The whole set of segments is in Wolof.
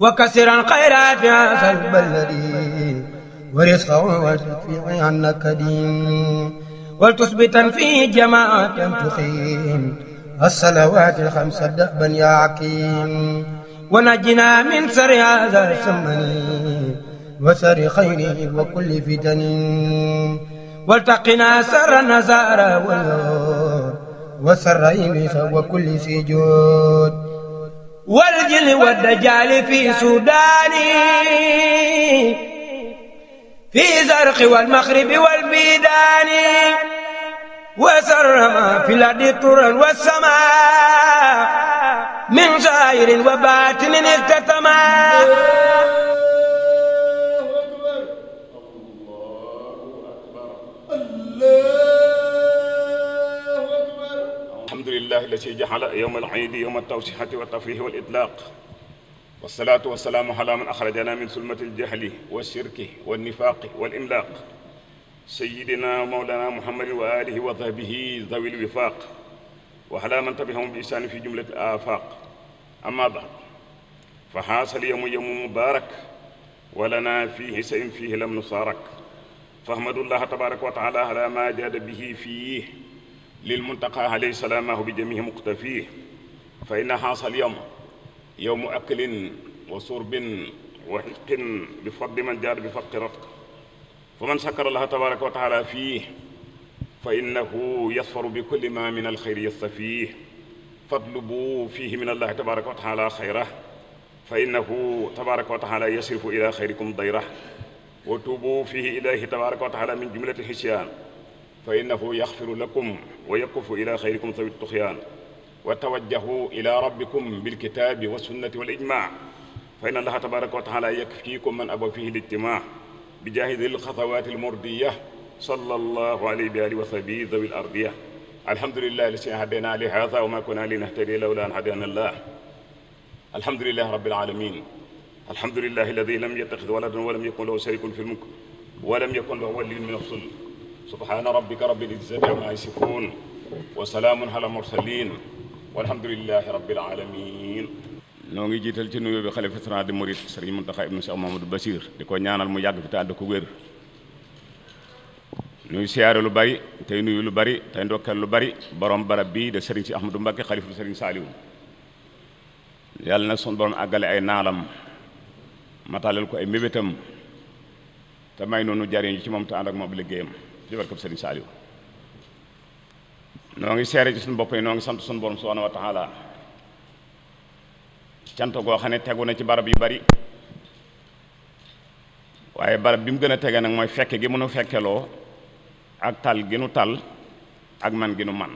وكسر الخيرات عسى البلد ورزقه واشفي عنك دين ولتثبتا في جماعة تقيم الصلوات الخمس دأبا يا عكيم ونجنا من سر هذا السمن وسر خيره وكل فتن والتقنا سر نزار والنور وسر وكل سجود والجل والدجال في سوداني في زرق والمغرب والبيدان وسرما في الأرض طرا والسماء من زائر وباطن اختتما alhamdulilahi allati jaxala yowma alxiidi yowma altawsixati waltafrihi walitlaq wasalaatu wasalaamu ala man axrajana min sulmati aljahli walshirki walnifaaqi walimlaaq sayidina mawlana muhammadin wa alihi wa sahbihi zawil wifaq wa ala man tabihahum bi isaani fi jumlati afaq amma baad fa xaasal yowmu yowmu mubaarak ولنا فيه سئم فيه لم نصارك فاحمد الله تبارك وتعالى على ما جاد به فيه للمنتقى عليه سلامه بجميع مقتفيه فإن حاصل اليوم يوم أكل وشرب وحق بفضل من جار بفق رفق فمن شكر الله تبارك وتعالى فيه فإنه يصفر بكل ما من الخير يستفيه فاطلبوا فيه من الله تبارك وتعالى خيره فإنه تبارك وتعالى يصرف إلى خيركم ضيره وتوبوا فيه إليه تبارك وتعالى من جملة الحسيان fa innahu yaxfiru lakum wa yakufu ila xayrikum sawi tuxyaan wa tawajjahu ila rabbikum bilkitaabi wa sunnati wal ijmaa fa inna allaha tabaraka wa taala yakfiikum man aba fihi lijtimaa bi jaahi dil xatawaati almurdiya sallallahu alayhi bi alihi wa sahbihi dawi l ardiya alhamdulilah li si hadana li haada wa ma kunna linahtadiya lawla an hadana allah alhamdulilah rabbil alamin alhamdulilah alladi lam yattaxid waladan wa lam yakun lahu sharikun fi lmulk wa lam yakun lahu waliyyun min alzul subhaana rabbika rabbil izzati ammaa yasifuun wa salaamun alal mursaliin walhamdulillaahi rabbil aalamiin noo ngi jiital ci nuyoo bi xalifa général des mourides sëriñ Muntaxa ibnu Cheikh Mahamadou Bachir di ko ñaanal mu yàgg fi te ànd ko wér nuy lu bari tey nuyu lu bari tey ndokkeel lu bari borom barab bii de sëriñ si Ahmadou Mbacké xalifa sëriñ Saaliwu yàlla na son borom àggale ay naalam mataleel ko ay mébétam te may noonu jariñu ci moom te ànd ak moom liggéeyam ci barkab Sëriñ Saaliw noo ngi seere ci suñu bopp yi noo ngi sant suñu borom subhaanahu wa taala cant goo xam ne tegu na ci barab yu bari waaye barab bi mu gën a tege nag mooy fekke gi mënu fekkeloo ak tal gi nu tal ak man gi nu man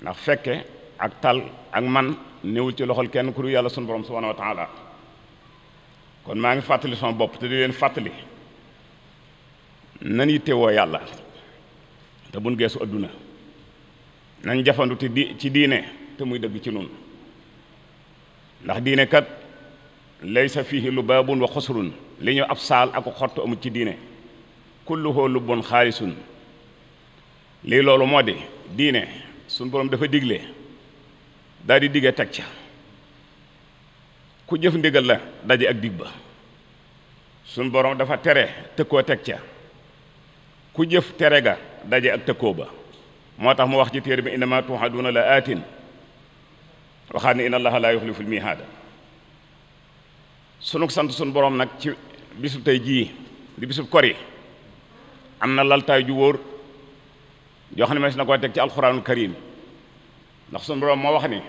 ndax fekke ak tal ak man néewul ci loxol kenn ku dul yàlla sunu borom subhaanahu wa taala kon maa ngi fàttali sama bopp te di leen fàttali nan yittewoo yàlla te bun geesu adduna nañ jafandu te di ci diine te muy dëgg ci nun ndax diine kat laysa fiihi lu baabun wa xusrun li ñu ab saal ak xott amut ci diine kulluhu lu bon xaalisun lii loolu moo di diine suñ borom dafa digle daal di digge teg ca ku jëf ndigal la daje ak dig ba suñ borom dafa tere tëkkoo teg ca ku jëf tere ga daje ak tëkkoo ba moo tax mu wax ci téere bi innama tuuxaduuna la aatin waxaat ne inna allaha laa yuxliful mihaada sunu sant sun borom nag ci bisub tey jii di bisub kori am na laltaay ju wóor joo xam ne mees na koo teg ci alxuraanul karim ndax sunu borom moo wax ni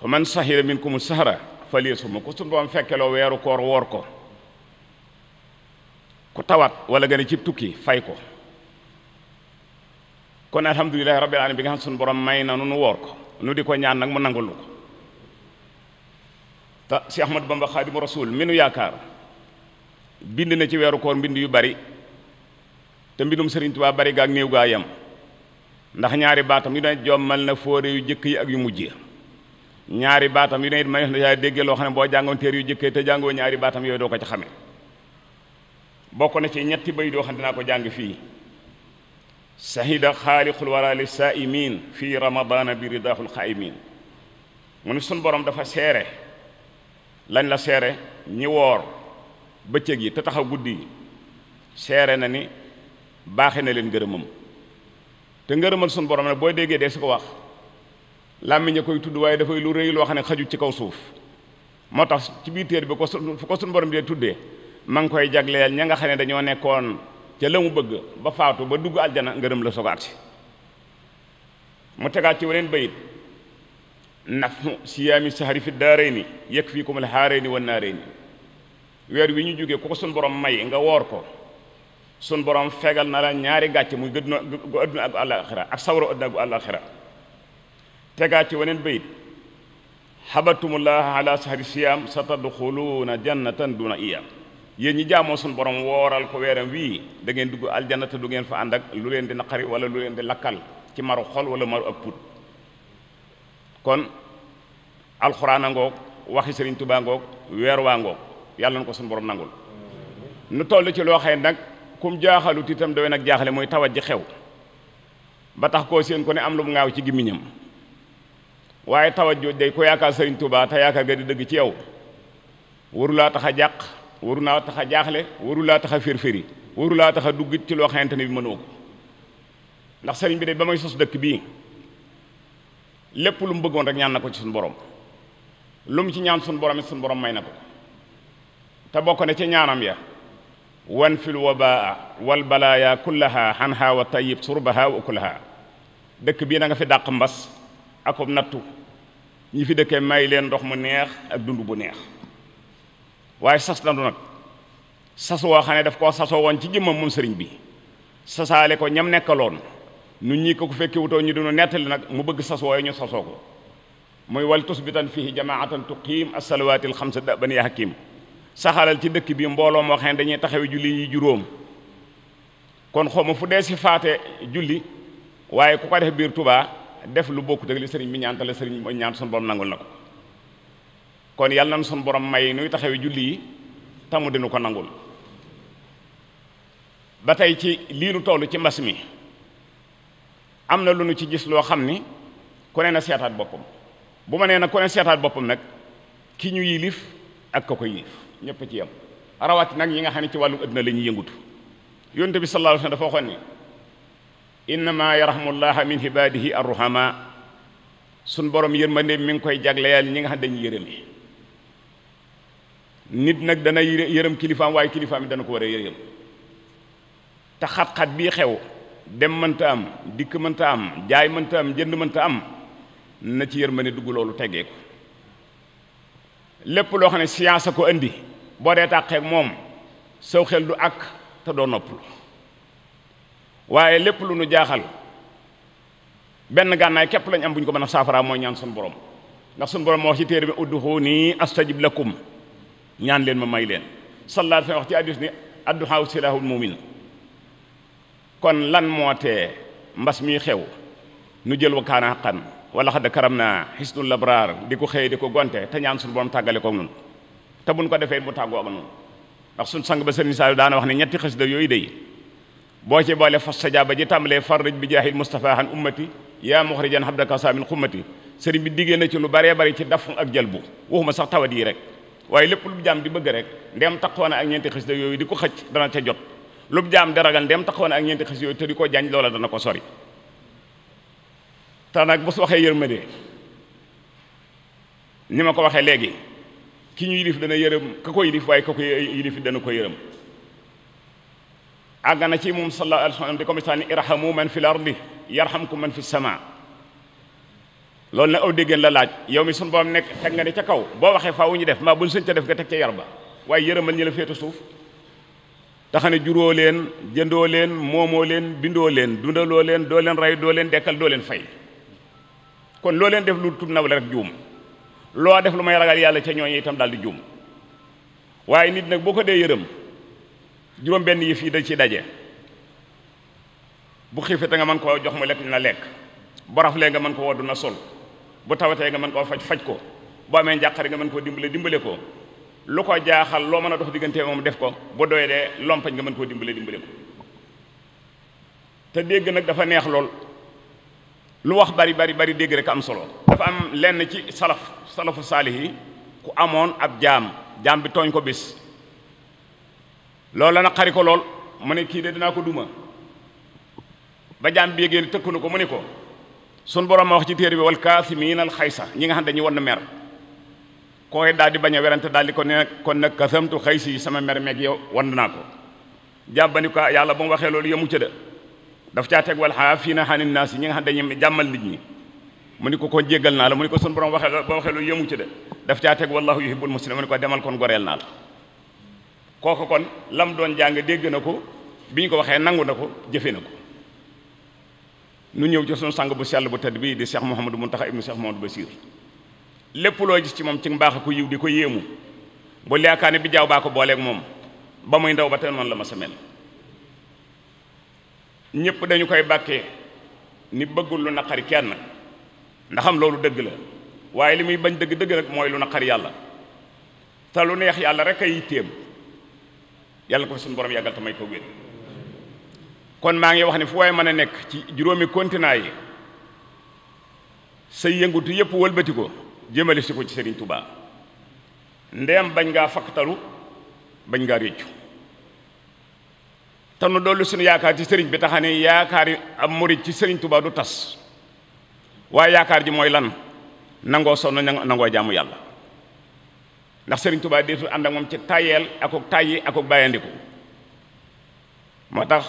fa man saxira minkumu sahara falyasumhu ko sunu borom fekkeloo weeru koor woor ko tawat wala nga ne cib tukki fay ko kon alhamdulilahi rabbil alamin bi nga xam suñu borom may na nu nu woor ko nu di ko ñaan nag mu nangul ko te si Ahmadu Bamba Xaadimu Rasuul mi yaakaar bind na ci weeru koor mbind yu bari te mbindum Sëriñ Tuubaa bari gaag néew gaa yem ndax ñaari baatam yu ne jommal na fóore yu jëkk yi ak yu mujj ñaari baatam yu ne it may na yaa dégge loo boo jàngoon téer yu jëkkee te jàngoo ñaari baatam yooyu doo ko ci xamee bokk na ci ñetti bay doo xam dinaa ko jàng fii sahida xaaliqul wara li saaimin fii ramadana bi ridaaxul xaaimin mu ne sun borom dafa seere lañ la seere ñi woor bëccëg yi te taxaw guddi yi seere na ni baaxe na leen ngërëmam te ngërëmal sun borom ne boo déggee dee su ko wax làmmiñ koy tudd waaye dafay lu rëy loo xam ne xaju ci kaw suuf moo tax ci biir téer bi ko fu ko sun borom dee tuddee ma ngi koy jagleel ña nga xam ne dañoo nekkoon ca la mu bëgg ba faatu ba dugg aljana ngërëm la sogaati mu tegaat ci weneen bayit nafnu siyaami sahari fi daarayni yakfikum alhaarayni wan naarayni weer wi ñu jóge ku ko sun borom may nga woor ko sun borom fegal na la ñaari gàcce muy gëdduna gu adduna ak àllaaxira ak sawara adduna gu tegaat ci weneen bayit habatumullaha ala sahari siyaam satadxuluuna jannatan duna iyaam yéen ñi jaamoo suñu borom wooral ko weeram wii da ngeen dugg aljana du ngeen fa ànd ak lu leen di naqari wala lu leen di lakkal ci maru xol wala maru ak put kon alxuraan a ngoog waxi sëriñ tubaa ngoog weer waa ngoog yàlla ko suñu borom nangul nu toll ci loo xëy nag kum jaaxalu tiitam doy nag jaaxale mooy tawat ji xew ba tax koo seen ko ne am lu mu ngaaw ci gimmiñam waaye tawat jooju day ko yaakaar sëriñ tubaa te yaakaar ga di dëgg ci yow warulaa tax a jàq waru naa tax a jaaxle waru laa tax a fér-féri laa tax a dugg ci loo xamante ne bi mënoo ko ndax sëriñ bi de ba may sos dëkk bii lépp lum mu bëggoon rek ñaan na ko ci suñu borom lu mu ci ñaan suñu borom it suñu borom may na ko te bokk na ci ñaanam ya wan fil wabaa wal balaaya kullaha xanha wa tayyib surbaha wa kullaha dëkk bii na nga fi dàq mbas akob nattu ñi fi dëkkee may leen ndox mu neex ak dund bu neex waaye sas la nu nag sas woo xam ne daf koo sasoo woon ci jëmmam moom sëriñ bi sasaale ko ñam nekkaloon nu ñi ko ku fekke wutoo ñu dunu nettali nag mu bëgg sas wooyu ñu sasoo ko muy wal bi tusbitan fihi jamaatan tuqiim as-salawaati al-xamsa daban ya hakim saxalal ci dëkk bi mbooloo moo xam ne dañuy taxawe julli yi juróom kon xaw ma fu dee si faate julli waaye ku ko def biir tubaa def lu bokkut ak li sëriñ bi ñaanta la sëriñ bi ñaan sunu borom nangul kon yàlla nañ sun borom may nuy taxawi julli yi tamu dinu ko nangul ba tey ci lii nu ci mbas mi am na lu nu ci gis loo xam ni kone na seetaat boppam bu ma nee na ku seetaat boppam nag ki ñu yilif ak ka ko yilif ñëpp ci yam rawaati nag yi nga xam ne ci wàllu àddina la ñuy yëngutu yonte bi sallallahu alayhi wasallam dafa waxoon ni innama yarhamullaha min ibadihi arruhama sun borom yërmande mi ngi koy jagleyal ñi nga xam dañuy mi nit nag dana yërëm kilifaam waaye kilifaam yi dana ko war a yërëm te xat-xat bii xew dem mënta am dikk mënta am jaay mënta am jënd mënta am na ci yërmande dugg loolu tegee ko lépp loo xam ne science ko indi boo dee tàqeek moom saw xel du ak te doo noppalu waaye lépp lu nu jaaxal benn gànnaay képp lañ am bu ko mën a saafara mooy ñaan sun borom ndax sun borom moo wax ci téere bi udduxu nii astajib lakum ñaan leen ma may leen sallallahu alayhi wax ci hadiis ni adduhaaw silaahul mu'min kon lan moo tee mbas mi xew nu jël wa kaana xaqan wala xadda karam naa xisnul labraar di ko xëy di ko gonte te ñaan suñu borom tàggale ko ak nun te buñ ko defee mu tàggoo ak nun ndax suñ sang ba sëriñ Saliou daana wax ne ñetti xasida yooyu day boo ci boole fas sa jaaba ji tàmbalee farrij bi jaahil Mustafa han ummati yaa muxrijan habdaka saamin xummati sëriñ bi diggée na ci lu baree bari ci daf ak jël bu waxuma sax tawat yi rek waaye lépp lu jaam di bëgg rek ndem taxawane ak ñeenti xasida yooyu di ko xëcc dana ca jot lu jaam di ragal ndem taxawane ak ñeenti xasida yooyu te di ko jaañ loola dana ko sori te nag bu su waxee yërmande ni ma ko waxee léegi ki ñu yilif dana yërëm ka ko yilif waaye ka ko yilif dana ko yërëm àgg na ci moom sallallahu alayhi wa sallam di ko misaal ni irhamu man fil ardi yarhamkum man fis samaa loolu nag aw déggéen la laaj yow mi suñu borom nekk teg nga ne ca kaw boo waxee faaw ñu def maa buñ sëñ ca def nga teg ca yar ba waaye yërëmal ñi la suuf taxa ne juróo leen jëndoo leen moomoo leen bindoo leen dundaloo leen doo leen rey doo leen dekkal doo leen fay kon loo leen def lu tub nawle rek juum loo def lu may ragal yàlla ca ñooñu itam daal di juum waaye nit nag boo ko dee yërëm juróom benn yi fii da ci daje bu xiifee te nga mën koo jox mu lekk na lekk boraf lee nga mën ko wodd na sol bu tawetee nga man koo faj faj ko boo amee njàqare nga mën koo dimbale dimbale ko lu ko jaaxal loo mën a dox diggante moom def ko bu doy dee lompañ nga mën koo dimbale dimbale ko te dégg nag dafa neex lool lu wax bari bari bari dégg rek am solo dafa am lenn ci salaf salafu saalih yi ku amoon ab jaam jaam bi tooñ ko bis loolu la na xari ko lool mu ne kii de dinaa ko duma ba jaam bi yégee tëkku ko mu ne ko sun borom ma wax ci téere bi wal kaasimiina al xaysa ñi nga xam dañuy won mer kooy daal di bañ a werante daal di ko ne kon nag kasamtu xaysi yi sama mer meeg yow won naa ko jàmbani ko ah, yàlla ba mu waxee loolu yemu ca de daf caa teg wal xaafiina xani naas yi ñi nga xam dañuy jàmmal nit ñi mu ni ko kon jéggal naa la mu ko sun borom waxee ba waxee yemu ca de daf caa teg wallahu yuhibbul muslimin mu ni ko demal kon goreel naa la kooku kon lam doon jàng dégg na ko bi ñu ko waxee nangu na ko jëfe na ko nu ñëw ci sunu sang bu sell bu tedd bii di Cheikh Mouhamadou Mountakha ibnu Cheikh Mouhamadou Bassir lépp loo gis ci moom ci mbaax ko yiw di ko yéemu bu yaakaar ne bi jaaw baa ko booleeg moom ba muy ndaw ba te noonu la ma sa mel ñëpp dañu koy bàkkee ni bëggul lu naqari kenn ndaxam loolu dëgg la waaye li muy bañ dëgg dëgg rek mooy lu naqari yàlla te lu neex yàlla rek ay yitteem yàlla ko fi suñu borom yàggal te may ko kon maa ngi wax ne fu waaye mën a nekk ci juróomi continent yi say yëngutu yépp wëlbati ko jëmale si ko ci Serigne tubaa ndeem bañ ngaa fakktalu bañ ngaa réccu te nu dollu yaakaar ci sëriñ bi taxa ne yaakaar yi am murit ci Serigne Touba du tas waaye yaakaar ji mooy lan nangoo sonn nangoo jaamu yàlla ndax Serigne tubaa deetul ànd ak moom ci tayeel akok tayyi akok bàyyandiku moo tax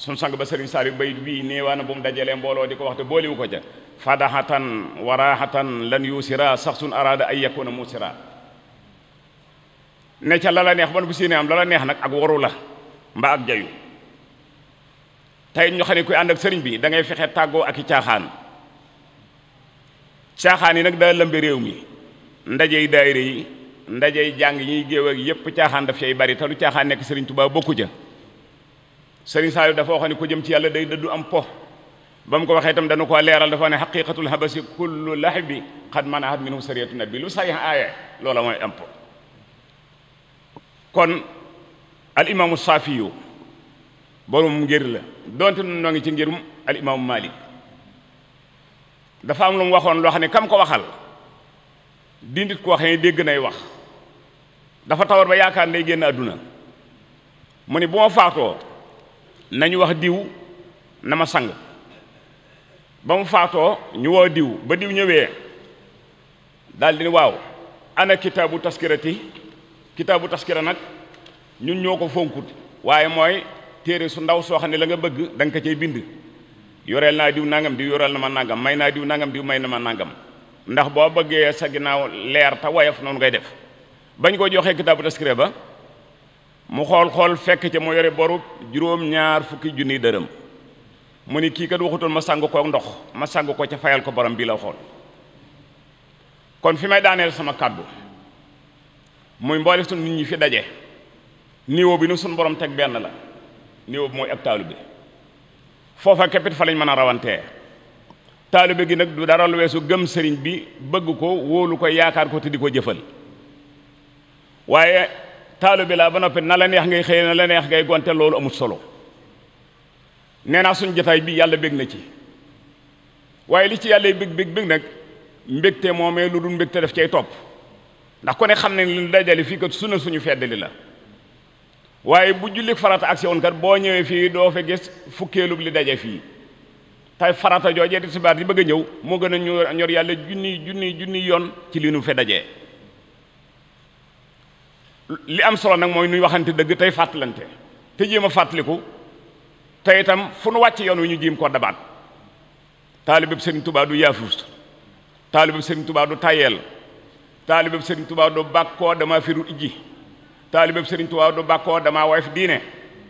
suñ sang ba sëriñ saar yu bayit wii néewaana bu mu dajalee mbooloo di ko waxte booliwu ko ca fadahatan warahatan lan yuusira sax sun araada ay yakuna muusira ne ca la la neex ban bu sine am la la neex nag ak waru la mba ak jayu tey ñu xam kuy ànd ak sëriñ bi da ngay fexe tàggoo ak i caaxaan caaxaan yi nag daa lëmbi réew mi ndajey daayira yi ndajey jàng ñuy géew ak yépp caaxaan daf cay bari te lu caaxaan nekk sëriñ Tuubaa bokku ca sëriñ Saliou dafa waxoon ne ku jëm ci yàlla day dëddu am po ba mu ko waxee itam dana koo leeral dafa ne xaqiqatul habasi kullu lahbi xad manahat minhu sariyatu nabi lu say aaye loola mooy am po kon al imaamu saafiyu borom ngir la donte nun noo ci ngirum al imaamu malik dafa am lu mu waxoon loo xam ne kam ko waxal dindit koo xam ne dégg nay wax dafa tawar ba yaakaar day génn àdduna mu ni bu ma faatoo nañu wax diw na ma sang ba mu faatoo ñu woo diw ba diw ñëwee daal di waaw ana kitaabu taskirati kitaabu taskira nag ñun ñoo ko fonkut waaye mooy téere su ndaw soo xam ne la nga bëgg da ko cay bind yoreel naa diw nangam diw yoreel na ma nangam may naa diw nangam diw may na ma nangam ndax boo bëggee sa ginnaaw leer te woyof noonu ngay def bañ ko joxee kitaabu taskira ba mu xool-xool fekk ca mu yore borub juróom-ñaar fukki junniy dërëm mu ni kii kat waxutoon ma sang ko ndox ma sang ko ca fayal ko borom bii la xool kon fi may daaneel sama kàddu muy mbooli suñ nit ñi fi daje niveau bi nu suñ borom teg benn la niveau bi mooy ab taalibe foofa képpit fa lañ mën a rawantee taalibe gi nag du dara lu weesu gëm sëriñ bi bëgg ko wóolu ko yaakaar ko te di ko jëfal waaye taalibe laa ba noppi na la neex ngay xëy na leneex neex ngay gonte loolu amul solo nee naa suñ bi yàlla bég na ci waaye li ci yàlla bég bég bég nag mbégte moomee lu dul mbégte def cay topp ndax ku ne xam ne lu dajale fii kat suna suñu feddali la waaye bu jullik farata ak si woon kat boo ñëwee fii doo fa gis fukkeelub li daje fii tay farata joojee di sibaar di bëgg a ñëw moo gën a ñor yàlla junni junni junni yoon ci li nu fe dajee li am solo nag mooy nuy waxante dëgg tey fàttalante te jéem a fàttaliku te itam fu nu wàcc yoon wi ñu jéem koo dabaat taalibab sëriñ tubaa du yaafuus taalibab sëriñ tubaa du tayeel taalibab sëriñ tubaa du bàkkoo dama firu ijji taalibab sëriñ tubaa bakkoo damaa dama wayf diine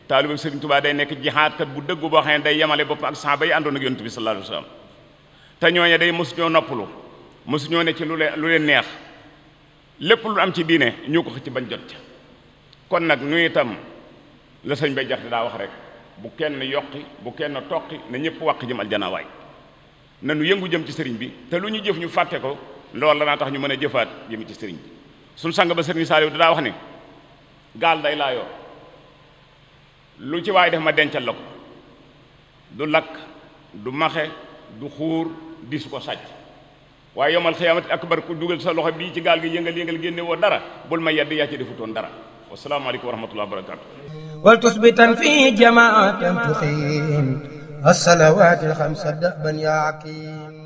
taalibab sëriñ tubaa day nekk jihaatkat bu dëgg boo xam ne day yemale bopp ak saaba yi àndoon a yonent bi sallallahu alayhi te ñooñe day mosuñoo noppulu mosuñoo ne ci lu lu leen neex lépp lu am ci diine ñu ko xëcc bañ jot ca kon nag ñu itam la sëñ bay da daa wax rek bu kenn yokki bu kenn toqi na ñëpp wàq jëm aljana waay na nu yëngu jëm ci sëriñ bi te lu ñu jëf ñu fàtte ko loolu la naa tax ñu mën a jëfaat jëm ci sëriñ bi suñ sang ba sëriñ da daa wax ne gaal day laa laayoo lu ci waay def ma dencal la ko du lakk du maxe du xuur di su ko sàcc waaye yowmal xiyaamati akbar ku dugal sa loxo bii ci gaal gi yëngal yëngal génne woo dara bul ma yedd yaa ci defutoon dara wasalaamaaleykum wa rahmatullahi wa barakaatu wal tusbitan fi jamaatan tuxiin الصلوات الخمس دأبا يا عكيم